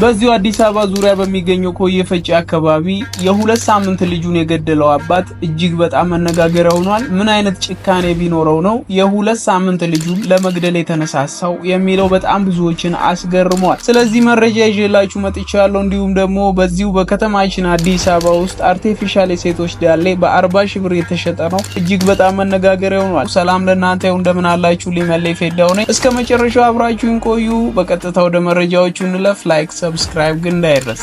በዚሁ አዲስ አበባ ዙሪያ በሚገኘው ኮዬ ፈጬ አካባቢ የሁለት ሳምንት ልጁን የገደለው አባት እጅግ በጣም መነጋገሪያ ሆኗል። ምን አይነት ጭካኔ ቢኖረው ነው የሁለት ሳምንት ልጁን ለመግደል የተነሳሳው የሚለው በጣም ብዙዎችን አስገርሟል። ስለዚህ መረጃ ይዤላችሁ መጥቻለሁ። እንዲሁም ደግሞ በዚሁ በከተማችን አዲስ አበባ ውስጥ አርቴፊሻል የሴቶች ዳሌ በአርባ ሺህ ብር የተሸጠ ነው። እጅግ በጣም መነጋገሪያ ሆኗል። ሰላም ለእናንተ ይሁን፣ እንደምን አላችሁ? ሊመለ ፌዳው ነኝ። እስከ መጨረሻው አብራችሁን ቆዩ። በቀጥታ ወደ መረጃዎቹ እንለፍ። ላይክ ሰብስክራይብ ግን እንዳይረሳ።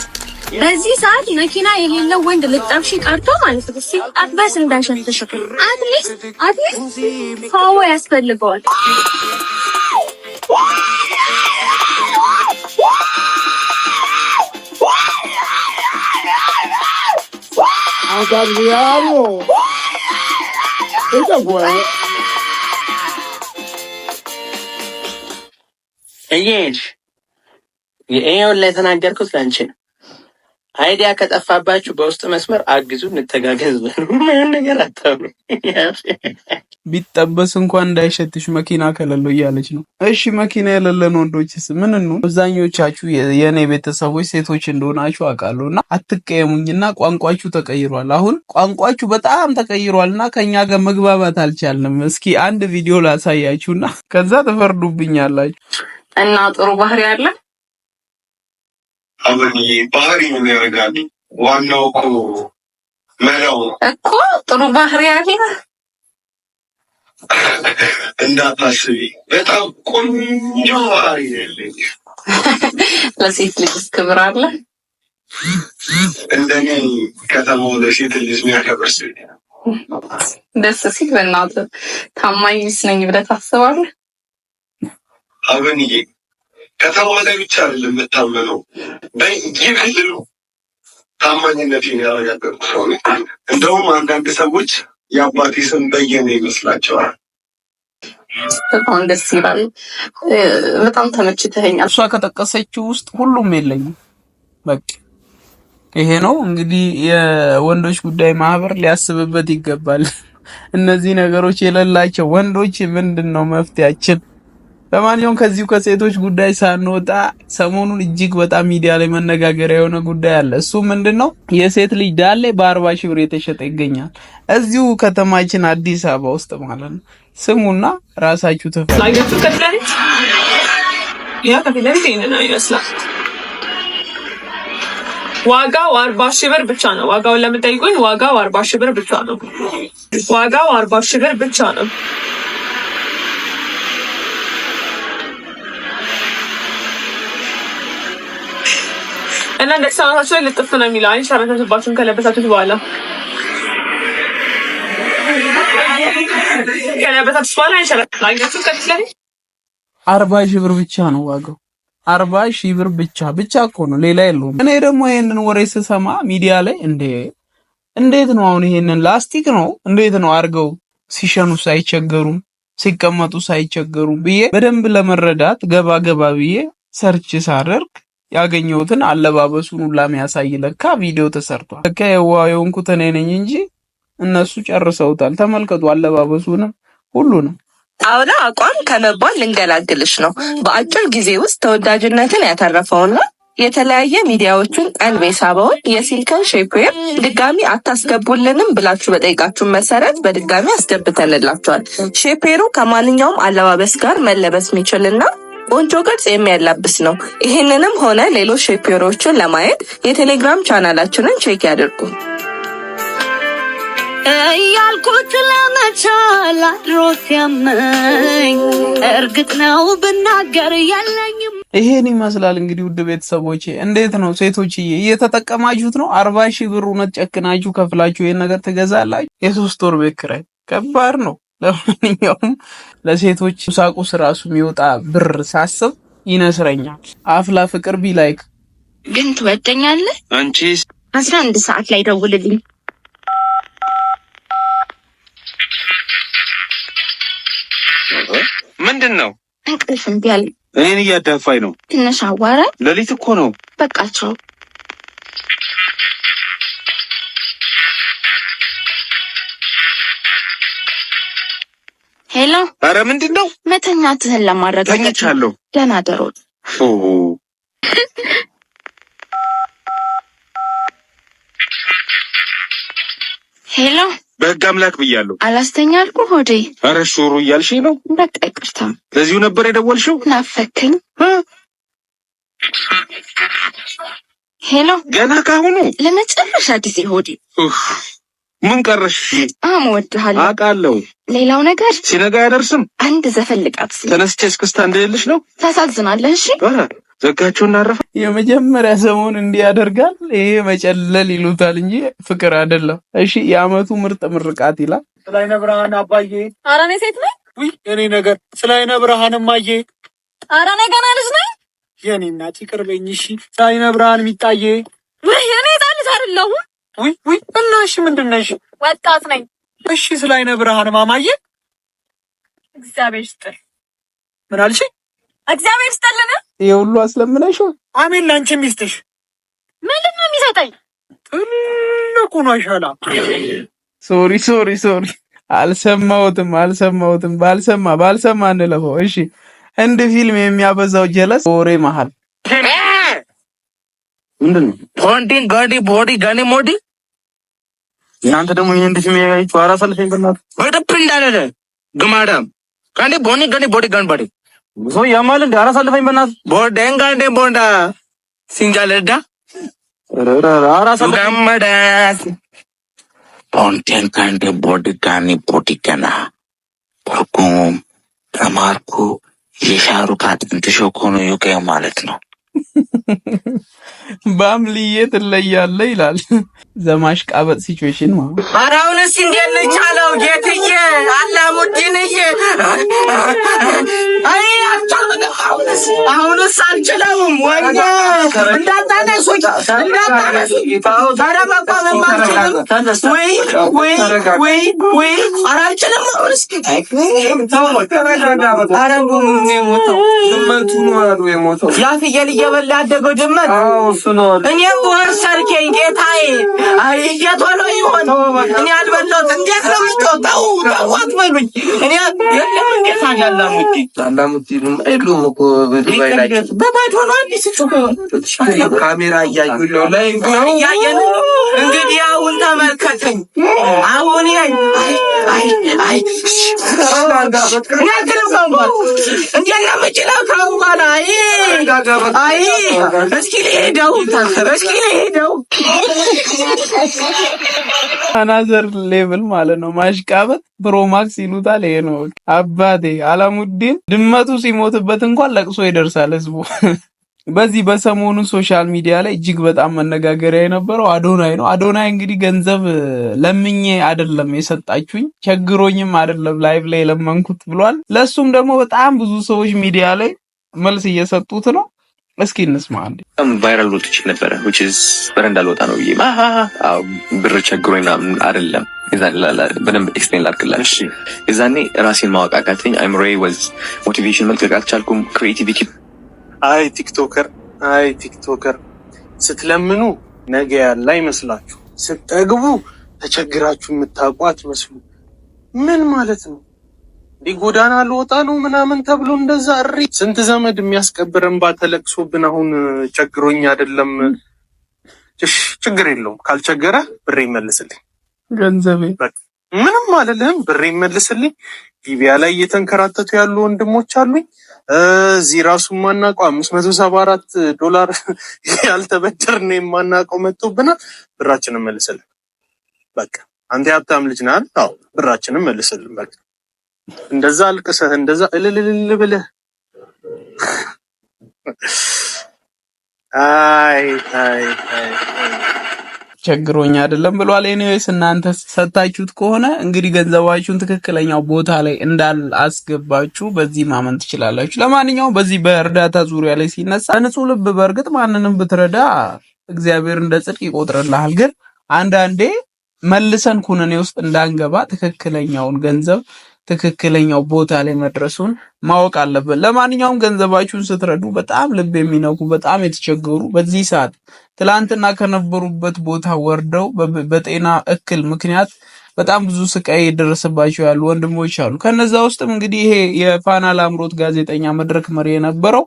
በዚህ ሰዓት መኪና የሌለው ወንድ ልጠብሽ ቀርቶ ማለት ነው። ሲጣበስ እንዳሸንትሽ አትሊስት አትሊስት ፋዋ ያስፈልገዋል። እየሄድሽ ይሄውን ላይ የተናገርኩት ለአንቺ ነው። አይዲያ ከጠፋባችሁ በውስጥ መስመር አግዙ፣ እንተጋገዝ። ምንም ነገር አታሉ። ቢጠበስ እንኳን እንዳይሸትሽ መኪና ከሌለው እያለች ነው። እሺ መኪና የሌለን ወንዶችስ ምን ነው? አብዛኞቻችሁ የእኔ ቤተሰቦች ሴቶች እንደሆናችሁ አውቃለሁ እና አትቀየሙኝና ቋንቋችሁ ተቀይሯል። አሁን ቋንቋችሁ በጣም ተቀይሯል እና ከእኛ ጋር መግባባት አልቻልንም። እስኪ አንድ ቪዲዮ ላሳያችሁና ከዛ ተፈርዱብኛላችሁ እና ጥሩ ባህሪ አለ አሁን ባህሪ ነው ያደርጋሉ። ዋናው እኮ መሪያው እኮ ጥሩ ባህሪ ያለ እንዳታስቢ፣ በጣም ቆንጆ ባህሪ ያለኝ። ለሴት ልጅ ክብር አለ። እንደኔ ከተማው ለሴት ልጅ የሚያከብር ስ ደስ ሲል በእናትህ ታማኝ ስነኝ ብለህ ታስባለህ አብንዬ ከተማ ላይ ብቻ አይደለም የምታመነው፣ በየክልሉ ታማኝነቴን ያረጋገጥኩ ሰው ነኝ። እንደውም አንዳንድ ሰዎች የአባቴ ስም በየነ ይመስላቸዋል። በጣም ደስ ይላል። በጣም ተመችተኸኛል። እሷ ከጠቀሰችው ውስጥ ሁሉም የለኝም። በቃ ይሄ ነው እንግዲህ የወንዶች ጉዳይ ማህበር ሊያስብበት ይገባል። እነዚህ ነገሮች የሌላቸው ወንዶች ምንድን ነው መፍትያችን? ለማንኛውም ከዚሁ ከሴቶች ጉዳይ ሳንወጣ ሰሞኑን እጅግ በጣም ሚዲያ ላይ መነጋገሪያ የሆነ ጉዳይ አለ። እሱ ምንድን ነው? የሴት ልጅ ዳሌ በአርባ ሺህ ብር የተሸጠ ይገኛል። እዚሁ ከተማችን አዲስ አበባ ውስጥ ማለት ነው። ስሙና ራሳችሁ ተፈ ዋጋው አርባ ሺህ ብር ብቻ ነው። ዋጋውን ለምጠይቁኝ ዋጋው አርባ ሺህ ብር ብቻ ነው። ዋጋው አርባ ሺህ ብር ብቻ ነው። እና እንደ ሰውነታችሁ ላይ ልጥፍ ነው የሚለው አንቺ ሸራተቱባችሁን ከለበሳችሁት በኋላ አርባ ሺህ ብር ብቻ ነው ዋጋው። አርባ ሺህ ብር ብቻ ብቻ እኮ ነው፣ ሌላ የለውም። እኔ ደግሞ ይሄንን ወሬ ስሰማ ሚዲያ ላይ እንዴ እንዴት ነው አሁን ይሄንን ላስቲክ ነው እንዴት ነው አድርገው ሲሸኑ ሳይቸገሩም ሲቀመጡ ሳይቸገሩም ብዬ በደንብ ለመረዳት ገባ ገባ ብዬ ሰርች ሳደርግ ያገኘሁትን አለባበሱን ሁላ የሚያሳይ ለካ ቪዲዮ ተሰርቷል። ለካ የዋየውን ኩተኔ ነኝ እንጂ እነሱ ጨርሰውታል። ተመልከቱ አለባበሱንም ሁሉንም። አውላ አቋም ከመባል ልንገላግልሽ ነው። በአጭር ጊዜ ውስጥ ተወዳጅነትን ያተረፈውና የተለያየ ሚዲያዎቹን ቀልብ የሳበውን የሲልከን ሼፕዌር ድጋሚ አታስገቡልንም ብላችሁ በጠይቃችሁን መሰረት በድጋሚ አስገብተንላችኋል። ሼፕዌሩ ከማንኛውም አለባበስ ጋር መለበስ የሚችልና ቆንጆ ቅርጽ የሚያላብስ ነው። ይህንንም ሆነ ሌሎች ሼፕሮችን ለማየት የቴሌግራም ቻናላችንን ቼክ ያድርጉ። እያልኩት ለመቻል አድሮ ሲያመኝ እርግጥ ነው ብናገር የለኝም። ይሄን ይመስላል እንግዲህ ውድ ቤተሰቦቼ፣ እንዴት ነው ሴቶችዬ፣ እየተጠቀማችሁት ነው? አርባ ሺህ ብር እውነት ጨክናችሁ ከፍላችሁ ይህን ነገር ትገዛላችሁ? የሶስት ወር ቤት ኪራይ ከባድ ነው። ለማንኛውም ለሴቶች ቁሳቁስ ራሱ የሚወጣ ብር ሳስብ ይነስረኛል። አፍላ ፍቅር ቢላይክ ግን ትወደኛለህ? አንቺ አስራ አንድ ሰዓት ላይ ደውልልኝ። ምንድን ነው? እንቅልፍ እምቢ አለኝ። እኔን እያዳፋኝ ነው። ትንሽ አዋራ ሌሊት እኮ ነው። በቃቸው ሄሎ። አረ ምንድን ነው? መተኛትህን ለማድረግ ተኝቻለሁ። ደህና ደሮ ሄሎ። በህግ አምላክ ብያለሁ። አላስተኛ አልኩ ሆዴ። አረ ሹሩ እያልሽኝ ነው። በቃ ይቅርታ። ለዚሁ ነበር የደወልሽው? ናፈከኝ። ሄሎ። ገና ካሁኑ ለመጨረሻ ጊዜ ሆዴ ምን ቀረሽ? በጣም እወድሃለሁ አውቃለሁ። ሌላው ነገር ሲነጋ አያደርስም። አንድ ዘፈን ልቃት ተነስቼ እስክስታ እንደሌለሽ ነው። ታሳዝናለህ። እሺ ዘጋችሁ እናረፈ። የመጀመሪያ ሰሞን እንዲህ ያደርጋል። ይሄ መጨለል ይሉታል እንጂ ፍቅር አይደለም። እሺ የአመቱ ምርጥ ምርቃት ይላል። ስለ አይነ ብርሃን አባዬ፣ ኧረ እኔ ሴት ነኝ። ውይ እኔ ነገር ስለ አይነ ብርሃን ማዬ፣ ኧረ እኔ ገና ልጅ ነኝ። የኔ እናት ይቅር በይኝ እሺ። ስለ ብርሃን ሚጣዬ፣ ውይ እኔ ጣልጅ አይደለሁም ውይ ውይ፣ እና እሺ፣ ምንድን ነሽ? ወጣት ነኝ። እሺ፣ ስለ አይነ ብርሃን ማማዬ እግዚአብሔር ይስጥል። ምን አልሽ? እግዚአብሔር ይስጥልን። ይሄ ሁሉ አስለምነሽ? አሜን፣ ላንቺ ይስጥሽ። ምንድን ነው የሚሰጠኝ? ትልቁ ነው ይሻላ። ሶሪ ሶሪ ሶሪ፣ አልሰማሁትም፣ አልሰማሁትም። ባልሰማ ባልሰማ እንለፈው። እሺ፣ እንድ ፊልም የሚያበዛው ጀለስ ወሬ መሀል ምንድን ነው? ፖንቲን ጋዲ ቦዲ ጋኒ ሞዲ እናንተ ደግሞ ይህን እንዲህ የሚያዩት አራሳለሽ ይበናት ወደብ እንዳለ ግማዳም కండి బోని కండి బోటి కనబడి సో ఏమాలండి అరసలు పై మన బోట్ ఏం కండి బోండా సింగాలెడ్డా పొంటేం కంటే బోటి కానీ పోటీ కన్నా ప్రమార్కు ఈ షారు కాదంత షోకోను యూకే మాలెత్తున్నాం ባም ልዬ ትለያለ ይላል ዘማሽ ቃበጥ ሲቹዌሽን ማ አራውንስ እንዲያልቻለው ጌትዬ አላሙዲንዬ አይ አሁንስ አሁንስ አልችለውም ወይ እንዳታነሱ እንዳታነሱ ታረባቋም አልችልም ወይ ወይ ወይ ወይ አራችንም አሁንስ ታው ተረጋጋ ነው ዝመቱ ነው ያሉ የሞተው ያ ፍየል እየበላ ያደገው ድመት እኔም ወርስ አድርጌኝ ጌታዬ። አይ እየቶሎ ይሆን እኔ አልበላሁት። እንዴት ነው ተው ተው አትበሉኝ። እኔ የለም አላሙቲ እኮ በዱባይ ላይ አዲስ ጩኸ ካሜራ እያዩ ላይ እንግዲህ አሁን ተመልከተኝ። አሁን አይ አይ እንዴት ነው አይ እስኪ እስኪ አናዘር ሌቭል ማለት ነው ማሽቃበት። ፕሮማክስ ይሉታል። ይሄ ነው አባቴ። አላሙዲን ድመቱ ሲሞትበት እንኳን ለቅሶ ይደርሳል ህዝቡ። በዚህ በሰሞኑ ሶሻል ሚዲያ ላይ እጅግ በጣም መነጋገሪያ የነበረው አዶናይ ነው። አዶናይ እንግዲህ ገንዘብ ለምኜ አይደለም የሰጣችሁኝ ቸግሮኝም አይደለም ላይቭ ላይ የለመንኩት ብሏል። ለሱም ደግሞ በጣም ብዙ ሰዎች ሚዲያ ላይ መልስ እየሰጡት ነው። እስኪ እንስማ። አንድ ቫይራል ሎቶች ነበረ በረንዳ ልወጣ ነው ብዬ ብር ቸግሮኝ ምናምን አይደለም በደንብ ኤክስፕሌን ላድርግላት። እሺ የዛኔ ራሴን ማወቅ አቃተኝ። አይምሮ ወዝ ሞቲቬሽን መልቀቅ አልቻልኩም። ክሪኤቲቪቲ አይ ቲክቶከር አይ ቲክቶከር ስትለምኑ ነገ ያለ አይመስላችሁ፣ ስትጠግቡ ተቸግራችሁ የምታውቋት መስሉ ምን ማለት ነው? ጎዳና ልወጣ ነው ምናምን ተብሎ እንደዛ እሪ ስንት ዘመድ የሚያስቀብረን ባተለቅሶብን አሁን ቸግሮኝ አይደለም። ችግር የለውም ካልቸገረ ብሬ ይመልስልኝ፣ ገንዘቤ ምንም አልልህም፣ ብሬ ይመልስልኝ። ሊቢያ ላይ እየተንከራተቱ ያሉ ወንድሞች አሉኝ። እዚህ ራሱ የማናውቀው አምስት መቶ ሰባ አራት ዶላር ያልተበደርን የማናውቀው መጥቶብናል። ብራችንን መልስልን በቃ። አንተ ሀብታም ልጅ ነህ። ብራችንን መልስልን በቃ። እንደዛ አልቅሰህ እንደዛ እልልልል ብለህ አይ አይ ቸግሮኛ አይደለም ብሏል። ኤኒዌይስ እናንተ ሰታችሁት ከሆነ እንግዲህ ገንዘባችሁን ትክክለኛው ቦታ ላይ እንዳል አስገባችሁ በዚህ ማመን ትችላላችሁ። ለማንኛውም በዚህ በእርዳታ ዙሪያ ላይ ሲነሳ ንጹህ ልብ በእርግጥ ማንንም ብትረዳ እግዚአብሔር እንደ ጽድቅ ይቆጥርልሃል። ግን አንዳንዴ መልሰን ኩነኔ ውስጥ እንዳንገባ ትክክለኛውን ገንዘብ ትክክለኛው ቦታ ላይ መድረሱን ማወቅ አለብን። ለማንኛውም ገንዘባችሁን ስትረዱ በጣም ልብ የሚነኩ በጣም የተቸገሩ በዚህ ሰዓት ትላንትና ከነበሩበት ቦታ ወርደው በጤና እክል ምክንያት በጣም ብዙ ስቃይ የደረሰባቸው ያሉ ወንድሞች አሉ። ከነዛ ውስጥም እንግዲህ ይሄ የፋና ላምሮት ጋዜጠኛ መድረክ መሪ የነበረው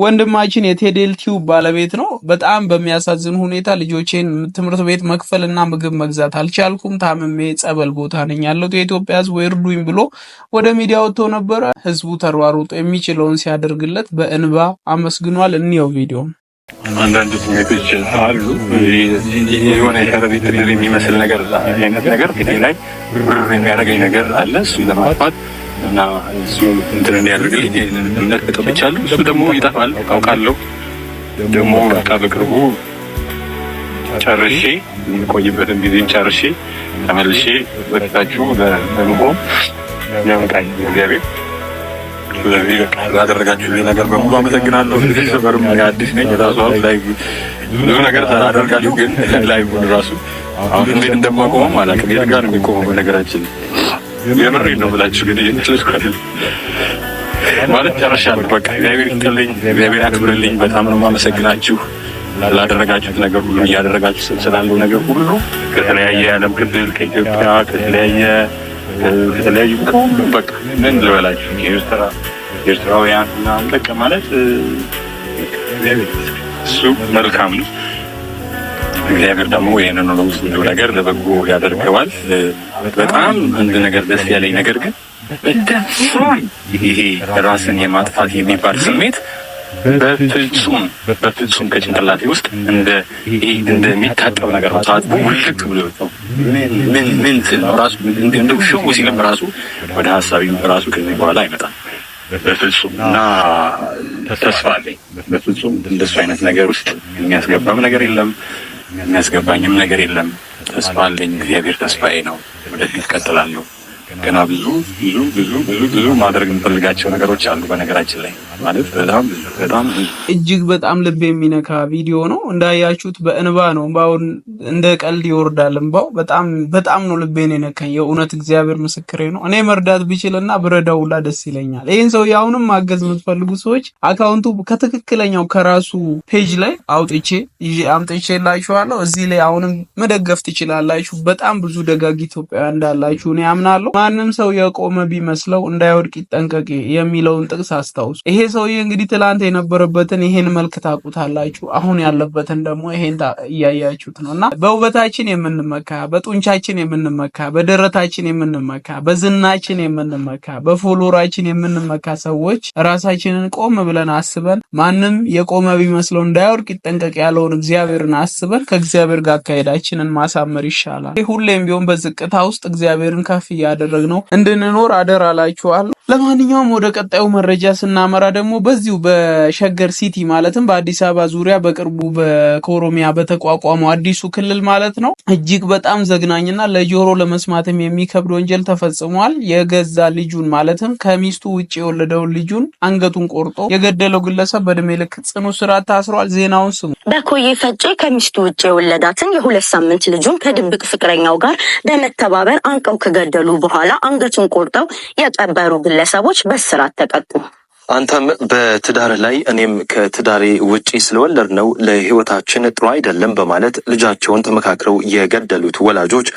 ወንድማችን የቴዴል ቲዩብ ባለቤት ነው። በጣም በሚያሳዝን ሁኔታ ልጆቼን ትምህርት ቤት መክፈልና ምግብ መግዛት አልቻልኩም፣ ታምሜ ጸበል ቦታ ነኝ ያለሁት የኢትዮጵያ ሕዝብ እርዱኝ ብሎ ወደ ሚዲያ ወጥቶ ነበረ። ሕዝቡ ተሯሩጦ የሚችለውን ሲያደርግለት በእንባ አመስግኗል። እንየው ቪዲዮ። አንዳንድ ስሜቶች አሉ። የሆነ የከረቤ የሚመስል ነገር አይነት ነገር ፊቴ ላይ ብር የሚያደርገኝ ነገር አለ እሱ ለማጥፋት እና እሱ እንትን እንዲያደርግልኝ እምነት ተጠብቻለሁ። እሱ ደግሞ ይጠፋል አውቃለሁ። ደግሞ በቃ በቅርቡ ጨርሼ የሚቆይበትን ጊዜ ጨርሼ ተመልሼ በፊታችሁ በመሆን ያምቃኝ እግዚአብሔር። ስለዚህ ላደረጋችሁ ነገር በሙሉ አመሰግናለሁ። ሰበርም አዲስ ነኝ የራሱ ላይ ብዙ ነገር አደርጋለሁ፣ ግን ላይ ራሱ አሁን እንዴት እንደማቆመም አላውቅም። የት ጋር ነው የሚቆመው በነገራችን የምሬ ነው ብላችሁ ግን እየተለኩ ማለት ጨርሻለሁ። በቃ እግዚአብሔር ይስጥልኝ፣ እግዚአብሔር ያክብርልኝ። በጣም ነው የማመሰግናችሁ ላደረጋችሁት ነገር ሁሉ እያደረጋችሁ ስላለው ነገር ሁሉ ከተለያየ የዓለም ክልል ከኢትዮጵያ ከተለያየ ከተለያዩ ከሁሉም በቃ ምን ልበላችሁ ኤርትራ ኤርትራውያን እና በቃ ማለት እሱ መልካም ነው። እግዚአብሔር ደግሞ ይህንን ሁሉ ነገር ለበጎ ያደርገዋል። በጣም አንድ ነገር ደስ ያለኝ ነገር ግን በደም ይሄ ራስን የማጥፋት የሚባል ስሜት በፍጹም በፍጹም ከጭንቅላቴ ውስጥ እንደ እንደሚታጠብ ነገር ነው። ታጥቦ ውልቅ ብሎ ወጣው። ምን ምን ስል ራሱ እንደው ሽው ሲልም ራሱ ወደ ሀሳቢ ራሱ ከዚህ በኋላ አይመጣም በፍጹም እና ተስፋ አለኝ። በፍጹም እንደሱ አይነት ነገር ውስጥ የሚያስገባም ነገር የለም። የሚያስገባኝም ነገር የለም። ተስፋ አለኝ። እግዚአብሔር ተስፋዬ ነው። ወደፊት ቀጥላለሁ። ገና ብዙ ብዙ ብዙ ብዙ ብዙ ማድረግ የምፈልጋቸው ነገሮች አሉ። በነገራችን ላይ ማለት በጣም በጣም እጅግ በጣም ልብ የሚነካ ቪዲዮ ነው። እንዳያችሁት በእንባ ነው። እንባውን እንደ ቀልድ ይወርዳል። እንባው በጣም በጣም ነው ልቤን የነካኝ። የእውነት እግዚአብሔር ምስክሬ ነው። እኔ መርዳት ብችልና ብረዳው ሁላ ደስ ይለኛል። ይህን ሰው አሁንም ማገዝ የምትፈልጉ ሰዎች አካውንቱ ከትክክለኛው ከራሱ ፔጅ ላይ አውጥቼ አምጥቼ ላችኋለሁ። እዚህ ላይ አሁንም መደገፍ ትችላላችሁ። በጣም ብዙ ደጋግ ኢትዮጵያውያን እንዳላችሁ እኔ አምናለሁ። ማንም ሰው የቆመ ቢመስለው እንዳይወድቅ ይጠንቀቅ የሚለውን ጥቅስ አስታውሱ። ይሄ ሰውዬ እንግዲህ ትላንት የነበረበትን ይሄን መልክ ታውቁታላችሁ። አሁን ያለበትን ደግሞ ይሄን እያያችሁት ነው እና በውበታችን የምንመካ፣ በጡንቻችን የምንመካ፣ በደረታችን የምንመካ፣ በዝናችን የምንመካ፣ በፎሎራችን የምንመካ ሰዎች ራሳችንን ቆም ብለን አስበን ማንም የቆመ ቢመስለው እንዳይወድቅ ይጠንቀቅ ያለውን እግዚአብሔርን አስበን ከእግዚአብሔር ጋር አካሄዳችንን ማሳመር ይሻላል። ሁሌም ቢሆን በዝቅታ ውስጥ እግዚአብሔርን ከፍ እያደረግነው እንድንኖር አደራ ላችኋለሁ። ለማንኛውም ወደ ቀጣዩ መረጃ ስናመራ ደግሞ በዚሁ በሸገር ሲቲ ማለትም በአዲስ አበባ ዙሪያ በቅርቡ ከኦሮሚያ በተቋቋመው አዲሱ ክልል ማለት ነው እጅግ በጣም ዘግናኝና ለጆሮ ለመስማትም የሚከብድ ወንጀል ተፈጽሟል። የገዛ ልጁን ማለትም ከሚስቱ ውጭ የወለደውን ልጁን አንገቱን ቆርጦ የገደለው ግለሰብ በእድሜ ልክ ጽኑ እስራት ታስሯል። ዜናውን ስሙ። በኮዬ ፈጬ ከሚስቱ ውጭ የወለዳትን የሁለት ሳምንት ልጁን ከድብቅ ፍቅረኛው ጋር በመተባበር አንቀው ከገደሉ በኋላ አንገቱን ቆርጠው የቀበሩ ግለሰቦች በእስራት ተቀጡ። አንተም በትዳር ላይ እኔም ከትዳሬ ውጪ ስለወለድ ነው ለህይወታችን ጥሩ አይደለም በማለት ልጃቸውን ተመካክረው የገደሉት ወላጆች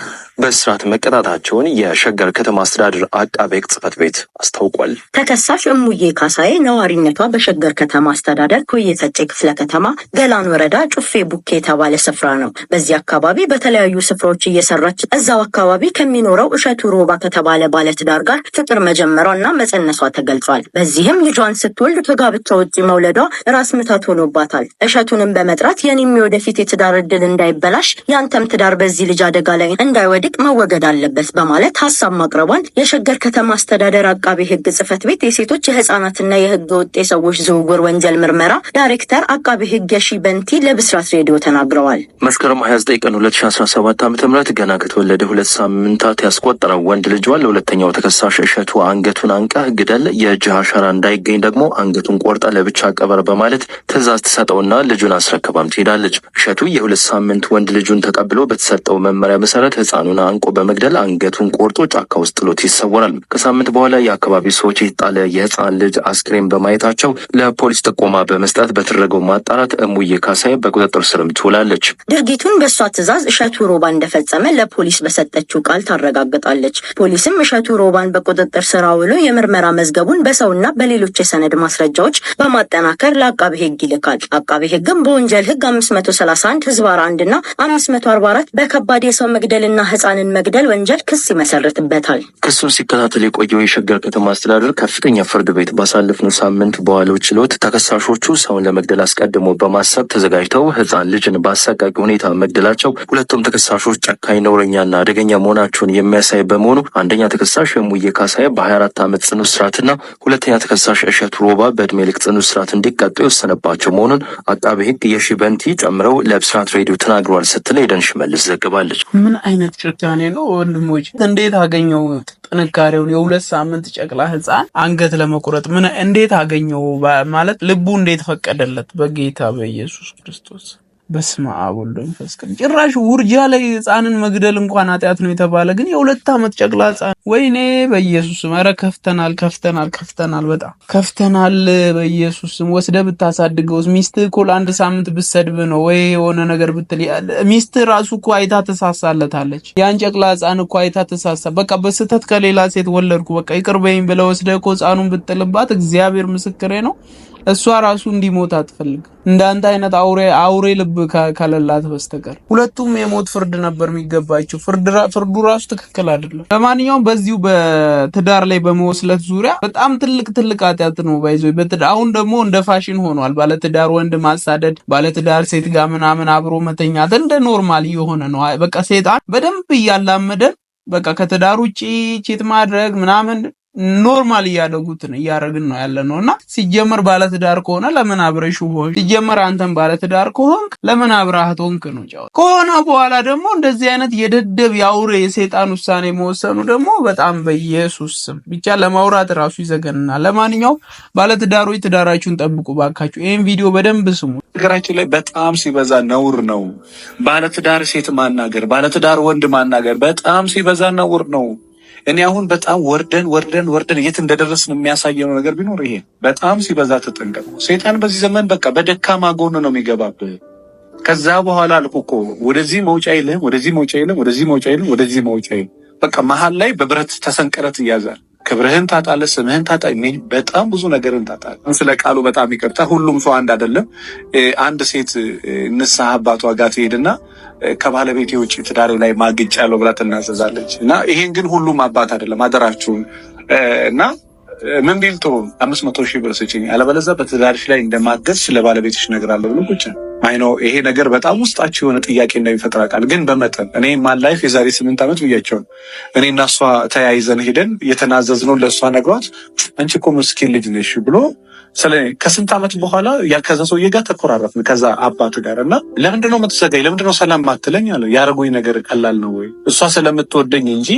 በእስራት መቀጣታቸውን የሸገር ከተማ አስተዳደር አቃቤ ሕግ ጽሕፈት ቤት አስታውቋል። ተከሳሽ እሙዬ ካሳዬ ነዋሪነቷ በሸገር ከተማ አስተዳደር ኮዬ ፈጬ ክፍለ ከተማ ገላን ወረዳ ጩፌ ቡኬ የተባለ ስፍራ ነው። በዚህ አካባቢ በተለያዩ ስፍራዎች እየሰራች እዛው አካባቢ ከሚኖረው እሸቱ ሮባ ከተባለ ባለትዳር ጋር ፍቅር መጀመሯና መጸነሷ ተገልጿል። በዚህም ልጇን ስትወልድ ከጋብቻ ውጭ መውለዷ ራስ ምታት ሆኖባታል። እሸቱንም በመጥራት የኔም የወደፊት የትዳር እድል እንዳይበላሽ የአንተም ትዳር በዚህ ልጅ አደጋ ላይ እንዳይወድቅ መወገድ አለበት በማለት ሀሳብ ማቅረቧን የሸገር ከተማ አስተዳደር አቃቤ ህግ ጽህፈት ቤት የሴቶች የህፃናትና የህገ ወጥ የሰዎች ዝውውር ወንጀል ምርመራ ዳይሬክተር አቃቤ ህግ የሺ በንቲ ለብስራት ሬዲዮ ተናግረዋል። መስከረም 29 ቀን 2017 ዓ ም ገና ከተወለደ ሁለት ሳምንታት ያስቆጠረው ወንድ ልጇን ለሁለተኛው ተከሳሽ እሸቱ አንገቱን አንቃ ግደል የእጅ አሻራ እንዳይ ሲገኝ ደግሞ አንገቱን ቆርጣ ለብቻ ቀበር በማለት ትዕዛዝ ትሰጠውና ልጁን አስረክባም ትሄዳለች። እሸቱ የሁለት ሳምንት ወንድ ልጁን ተቀብሎ በተሰጠው መመሪያ መሰረት ህፃኑን አንቆ በመግደል አንገቱን ቆርጦ ጫካ ውስጥ ጥሎት ይሰወራል። ከሳምንት በኋላ የአካባቢ ሰዎች የተጣለ የህፃን ልጅ አስክሬን በማየታቸው ለፖሊስ ጥቆማ በመስጠት በተደረገው ማጣራት እሙዬ ካሳይ በቁጥጥር ስርም ትውላለች። ድርጊቱን በእሷ ትዕዛዝ እሸቱ ሮባ እንደፈጸመ ለፖሊስ በሰጠችው ቃል ታረጋግጣለች። ፖሊስም እሸቱ ሮባን በቁጥጥር ስር አውሎ የምርመራ መዝገቡን በሰውና በሌሎች ሌሎች የሰነድ ማስረጃዎች በማጠናከር ለአቃቤ ህግ ይልካል። አቃቤ ህግም በወንጀል ህግ 531 ህዝብ 41 እና 544 በከባድ የሰው መግደልና ህፃንን መግደል ወንጀል ክስ ይመሰርትበታል። ክሱን ሲከታተል የቆየው የሸገር ከተማ አስተዳደር ከፍተኛ ፍርድ ቤት ባሳለፍነው ሳምንት በዋለው ችሎት ተከሳሾቹ ሰውን ለመግደል አስቀድሞ በማሰብ ተዘጋጅተው ህፃን ልጅን በአሰቃቂ ሁኔታ መግደላቸው ሁለቱም ተከሳሾች ጨካኝ፣ ነውረኛና አደገኛ መሆናቸውን የሚያሳይ በመሆኑ አንደኛ ተከሳሽ ሙዬ ካሳዬ በ24 ዓመት ጽኑ እስራትና ሁለተኛ ተከሳሽ እሸቱ ሮባ በእድሜ ልክ ጽኑ እስራት እንዲቀጡ የወሰነባቸው መሆኑን አቃቤ ሕግ በንቲ ጨምረው ለብስራት ሬዲዮ ተናግረዋል ስትል ኤደን ሽመልስ ዘግባለች። ምን አይነት ጭካኔ ነው ወንድሞች! እንዴት አገኘው ጥንካሬውን የሁለት ሳምንት ጨቅላ ህፃን አንገት ለመቁረጥ ምን እንዴት አገኘው ማለት ልቡ እንዴት ፈቀደለት? በጌታ በኢየሱስ ክርስቶስ በስመ አብ ወልድ መንፈስ ቅዱስ። ጭራሽ ውርጃ ላይ ህፃንን መግደል እንኳን ኃጢአት ነው የተባለ ግን የሁለት ዓመት ጨቅላ ህፃን ወይኔ፣ በኢየሱስ ኧረ ከፍተናል፣ ከፍተናል፣ ከፍተናል፣ በጣም ከፍተናል። በኢየሱስም ወስደ ብታሳድገውስ ሚስት እኮ ለአንድ ሳምንት ብሰድብ ነው ወይ የሆነ ነገር ብትል ሚስት ራሱ እኮ አይታ ተሳሳለታለች። ያን ጨቅላ ህፃን እኮ አይታ ተሳሳ። በቃ በስህተት ከሌላ ሴት ወለድኩ በቃ ይቅር በይኝ ብለህ ወስደ እኮ ህፃኑን ብትጥልባት እግዚአብሔር ምስክሬ ነው እሷ ራሱ እንዲሞት አትፈልግም፣ እንዳንተ አይነት አውሬ አውሬ ልብ ከሌላት በስተቀር ሁለቱም የሞት ፍርድ ነበር የሚገባቸው። ፍርዱ ራሱ ትክክል አይደለም። ለማንኛውም በዚሁ በትዳር ላይ በመወስለት ዙሪያ በጣም ትልቅ ትልቅ አጥያት ነው ባይዞ። አሁን ደግሞ እንደ ፋሽን ሆኗል። ባለትዳር ወንድ ማሳደድ፣ ባለትዳር ሴት ጋር ምናምን አብሮ መተኛት እንደ ኖርማል እየሆነ ነው። በቃ ሴጣን በደንብ እያላመደን በቃ ከትዳር ውጪ ቺት ማድረግ ምናምን ኖርማል እያደጉት እያደረግን ነው ያለ ነው እና ሲጀመር ባለትዳር ከሆነ ለምን አብረሽ ሆን ሲጀመር አንተን ባለትዳር ከሆንክ ለምን አብረሃት ሆንክ ነው ጫወታ ከሆነ በኋላ ደግሞ እንደዚህ አይነት የደደብ የአውሬ የሰይጣን ውሳኔ መወሰኑ ደግሞ በጣም በኢየሱስ ስም ብቻ ለማውራት ራሱ ይዘገንናል። ለማንኛውም ባለትዳሮች ትዳራችሁን ጠብቁ ባካችሁ። ይህን ቪዲዮ በደንብ ስሙ። ነገራችን ላይ በጣም ሲበዛ ነውር ነው ባለትዳር ሴት ማናገር፣ ባለትዳር ወንድ ማናገር በጣም ሲበዛ ነውር ነው። እኔ አሁን በጣም ወርደን ወርደን ወርደን የት እንደደረስን የሚያሳየው ነገር ቢኖር ይሄ በጣም ሲበዛ ተጠንቀቁ። ሰይጣን በዚህ ዘመን በቃ በደካማ ጎን ነው የሚገባብህ። ከዛ በኋላ አልኩህ እኮ ወደዚህ መውጫ የለም ወደዚህ መውጫ የለም ወደዚህ መውጫ የለም ወደዚህ መውጫ የለህም። በቃ መሀል ላይ በብረት ተሰንቀረት እያዛል። ክብርህን ታጣለ፣ ስምህን ታጣ፣ በጣም ብዙ ነገርን ታጣለ። ስለ ቃሉ በጣም ይቅርታ። ሁሉም ሰው አንድ አይደለም። አንድ ሴት ንስሐ አባቷ ጋር ትሄድና ከባለቤት የውጭ ትዳሬ ላይ ማግጫ ያለው ብላ ትናዘዛለች። እና ይሄን ግን ሁሉም አባት አይደለም አደራችሁን እና ምን ቢል ጥሩ አምስት መቶ ሺህ ብር ስጪኝ፣ አለበለዚያ በትዳርሽ ላይ እንደማገዝሽ ለባለቤትሽ እነግራለሁ ብሎ ቁጭ አይ ነው ይሄ ነገር በጣም ውስጣቸው የሆነ ጥያቄ እንደሚፈጥር ቃል ግን በመጠን እኔ ማን ላይፍ የዛሬ ስምንት ዓመት ብያቸው ነው እኔ እና እሷ ተያይዘን ሄደን የተናዘዝነው ለእሷ ነግሯት አንቺ እኮ ምስኪን ልጅ ነሽ ብሎ ከስንት ዓመት በኋላ ከዛ ሰውዬ ጋር ተኮራረፍን፣ ከዛ አባቱ ጋር እና ለምንድነው ነው የምትዘጋኝ? ለምንድን ሰላም ማትለኝ አለው። ያደረጉኝ ነገር ቀላል ነው ወይ? እሷ ስለምትወደኝ እንጂ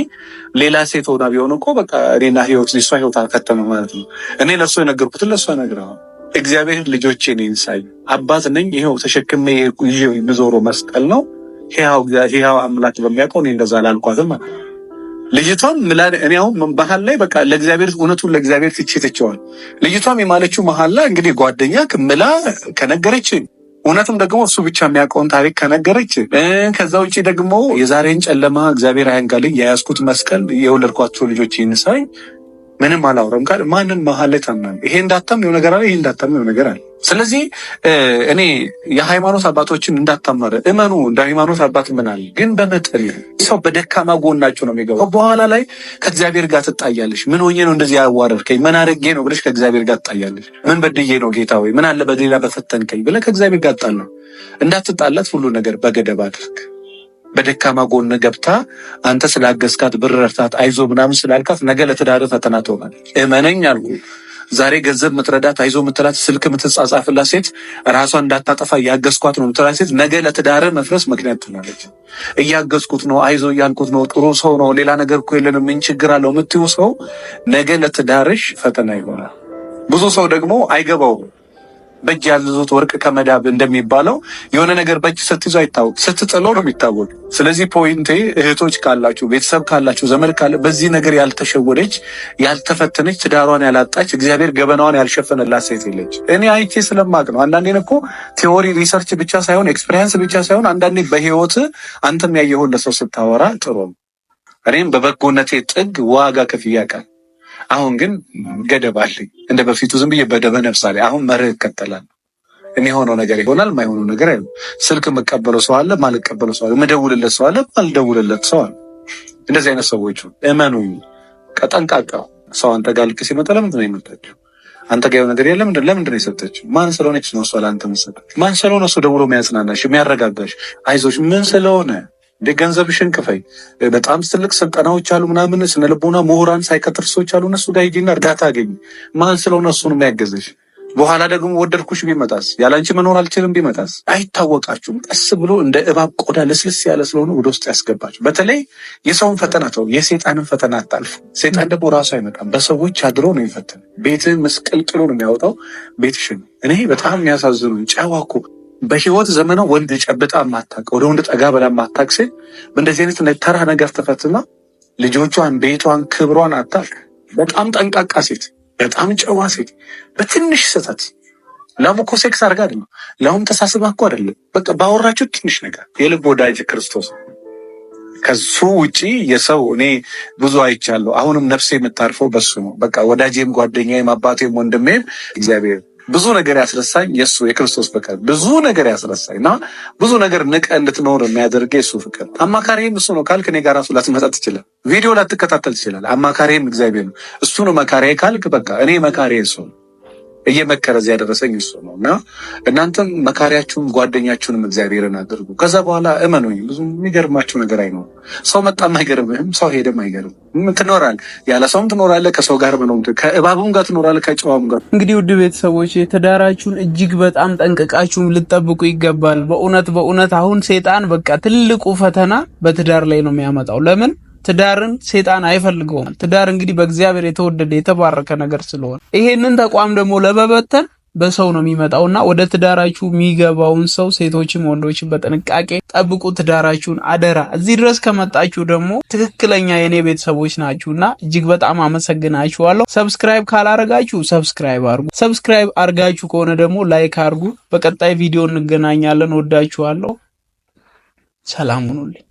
ሌላ ሴት ሆና ቢሆን እኮ በቃ እኔና ህይወት እሷ ህይወት አልከተመ ማለት ነው። እኔ ለእሷ የነገርኩትን ለእሷ እነግረዋለሁ። እግዚአብሔር ልጆቼ ነው ይንሳኝ፣ አባት ነኝ። ይኸው ተሸክሜ የምዞሮ መስቀል ነው። ሕያው አምላክ በሚያውቀው እኔ እንደዛ ላልኳትም ማለት ነው። ልጅቷም ምላድ እኔ አሁን ባህል ላይ በቃ ለእግዚአብሔር እውነቱን ለእግዚአብሔር ትቼ ትቼዋል። ልጅቷም የማለችው መሀል መሀላ እንግዲህ ጓደኛ ምላ ከነገረች እውነትም ደግሞ እሱ ብቻ የሚያውቀውን ታሪክ ከነገረች፣ ከዛ ውጭ ደግሞ የዛሬን ጨለማ እግዚአብሔር አያንጋልኝ የያዝኩት መስቀል የወለድኳቸው ልጆች ይንሳኝ ምንም አላወራም ካለ ማንን መሀል ላይ ታምናል? ይሄ እንዳታም የሆነ ነገር አለ፣ ይሄ እንዳታም የሆነ ነገር አለ። ስለዚህ እኔ የሃይማኖት አባቶችን እንዳታማረ እመኑ። እንደ ሃይማኖት አባት ምናል ግን በመጠን ሰው በደካማ ጎናቸው ነው የሚገባው። በኋላ ላይ ከእግዚአብሔር ጋር ትጣያለሽ። ምን ሆኜ ነው እንደዚህ ያዋረድከኝ? ምን አድርጌ ነው ብለሽ ከእግዚአብሔር ጋር ትጣያለሽ። ምን በድዬ ነው ጌታ ወይ ምን አለ በሌላ በፈተንከኝ ብለ ከእግዚአብሔር ጋር ጣል ነው። እንዳትጣላት ሁሉ ነገር በገደብ አድርግ። በደካማ ጎን ገብታ አንተ ስላገዝካት ብር ረድታት አይዞ ምናምን ስላልካት ነገ ለትዳር ፈተና እመነኝ አልኩ። ዛሬ ገንዘብ ምትረዳት አይዞ ምትላት ስልክ ምትጻጻፍላት ሴት ራሷን እንዳታጠፋ እያገዝኳት ነው ምትላት ሴት ነገ ለትዳር መፍረስ ምክንያት ትሆናለች። እያገዝኩት ነው፣ አይዞ እያልኩት ነው፣ ጥሩ ሰው ነው፣ ሌላ ነገር እኮ የለንም፣ ምን ችግር አለው የምትይው ሰው ነገ ለትዳርሽ ፈተና ይሆናል። ብዙ ሰው ደግሞ አይገባውም። በእጅ ያዘዙት ወርቅ ከመዳብ እንደሚባለው የሆነ ነገር በእጅ ስትይዞ አይታወቅ፣ ስትጥለው ነው የሚታወቅ። ስለዚህ ፖይንቴ እህቶች ካላችሁ፣ ቤተሰብ ካላችሁ፣ ዘመድ ካለ በዚህ ነገር ያልተሸወደች ያልተፈተነች፣ ትዳሯን ያላጣች፣ እግዚአብሔር ገበናዋን ያልሸፈነላት ሴት የለች። እኔ አይቼ ስለማቅ ነው። አንዳንዴ እኮ ቴዎሪ ሪሰርች ብቻ ሳይሆን ኤክስፔሪንስ ብቻ ሳይሆን አንዳንዴ በህይወት አንተም ያየሆን ለሰው ስታወራ ጥሩ ነው። እኔም በበጎነቴ ጥግ ዋጋ ከፍያ ቃል አሁን ግን ገደብ አለኝ። እንደ በፊቱ ዝም ብዬ በደበ ነፍሳለ አሁን መርህ እከተላለሁ። እኔ የሆነው ነገር ይሆናል፣ የማይሆነው ነገር አይሆንም። ስልክ የምቀበለው ሰው አለ፣ ማልቀበለው ሰው አለ፣ የምደውልለት ሰው አለ፣ ማልደውልለት ሰው አለ። እንደዚህ አይነት ሰዎች እመኑ ከጠንቃቃ ሰው አንተ ጋር ልክ ሲመጣ ለምንድን ነው የመጣችው? አንተ ጋር ነገር የለም ለምንድን ነው የሰጠችው? ማን ስለሆነች ነው እሷ ለአንተ መሰጠች? ማን ስለሆነ እሱ ደውሎ የሚያጽናናሽ የሚያረጋጋሽ አይዞሽ ምን ስለሆነ እንደ ገንዘብሽን ክፈይ። በጣም ትልቅ ስልጠናዎች አሉ ምናምን፣ ስነልቦና ምሁራን፣ ሳይቀጥር ሰዎች አሉ። እነሱ ጋር ሂጂና እርዳታ አገኝ። ማን ስለሆነ እሱን የሚያገዝሽ በኋላ ደግሞ ወደድኩሽ ቢመጣስ ያላንቺ መኖር አልችልም ቢመጣስ፣ አይታወቃችሁም። ቀስ ብሎ እንደ እባብ ቆዳ ለስልስ ያለ ስለሆነ ወደ ውስጥ ያስገባችሁ። በተለይ የሰውን ፈተና ተው፣ የሴጣንን ፈተና አታልፉ። ሴጣን ደግሞ ራሱ አይመጣም፣ በሰዎች አድሮ ነው ይፈትን። ቤትህ ምስቅልቅሎ ነው የሚያወጣው ቤትሽን። እኔ በጣም የሚያሳዝኑ ጨዋ እኮ በህይወት ዘመኗ ወንድ ጨብጣ ማታቅ ወደ ወንድ ጠጋ ብላ ማታቅ ሴት በእንደዚህ አይነት ተራ ነገር ተፈትና ልጆቿን፣ ቤቷን፣ ክብሯን አታል። በጣም ጠንቃቃ ሴት፣ በጣም ጨዋ ሴት በትንሽ ስህተት ላም እኮ ሴክስ አድርጋ አይደለም፣ ላሁም ተሳስባ እኮ አይደለም። በቃ ባወራችሁ ትንሽ ነገር የልብ ወዳጅ ክርስቶስ። ከሱ ውጪ የሰው እኔ ብዙ አይቻለሁ። አሁንም ነፍሴ የምታርፈው በሱ ነው። በቃ ወዳጄም፣ ጓደኛዬም፣ አባቴም፣ ወንድሜም እግዚአብሔር ብዙ ነገር ያስረሳኝ የእሱ የክርስቶስ ፍቅር ብዙ ነገር ያስረሳኝ እና ብዙ ነገር ንቀ እንድትኖር የሚያደርገ የእሱ ፍቅር። አማካሪም እሱ ነው ካልክ እኔ ጋር እራሱ ላትመጣ ትችላል፣ ቪዲዮ ላትከታተል ትችላል። አማካሪም እግዚአብሔር ነው። እሱ ነው መካሪ ካልክ በቃ እኔ መካሪ እሱ ነው። እየመከረ እዚያ ያደረሰኝ እሱ ነው እና እናንተም መካሪያችሁን ጓደኛችሁንም እግዚአብሔርን አድርጉ። ከዛ በኋላ እመኑኝ ብዙ የሚገርማችሁ ነገር አይኖርም። ሰው መጣም አይገርምህም፣ ሰው ሄደም አይገርም። ትኖራል፣ ያለ ሰውም ትኖራለ፣ ከሰው ጋር መኖም ከእባቡም ጋር ትኖራለ፣ ከጨዋም ጋር። እንግዲህ ውድ ቤተሰቦች ትዳራችሁን እጅግ በጣም ጠንቅቃችሁም ልጠብቁ ይገባል። በእውነት በእውነት አሁን ሴጣን በቃ ትልቁ ፈተና በትዳር ላይ ነው የሚያመጣው ለምን ትዳርን ሴጣን አይፈልገውም። ትዳር እንግዲህ በእግዚአብሔር የተወደደ የተባረከ ነገር ስለሆነ ይሄንን ተቋም ደግሞ ለመበተን በሰው ነው የሚመጣውና ወደ ትዳራችሁ የሚገባውን ሰው ሴቶችም ወንዶችም በጥንቃቄ ጠብቁ። ትዳራችሁን አደራ። እዚህ ድረስ ከመጣችሁ ደግሞ ትክክለኛ የኔ ቤተሰቦች ናችሁና እጅግ በጣም አመሰግናችኋለሁ። ሰብስክራይብ ካላረጋችሁ ሰብስክራይብ አድርጉ። ሰብስክራይብ አድርጋችሁ ከሆነ ደግሞ ላይክ አድርጉ። በቀጣይ ቪዲዮ እንገናኛለን። ወዳችኋለሁ። ሰላም ሁኑልኝ።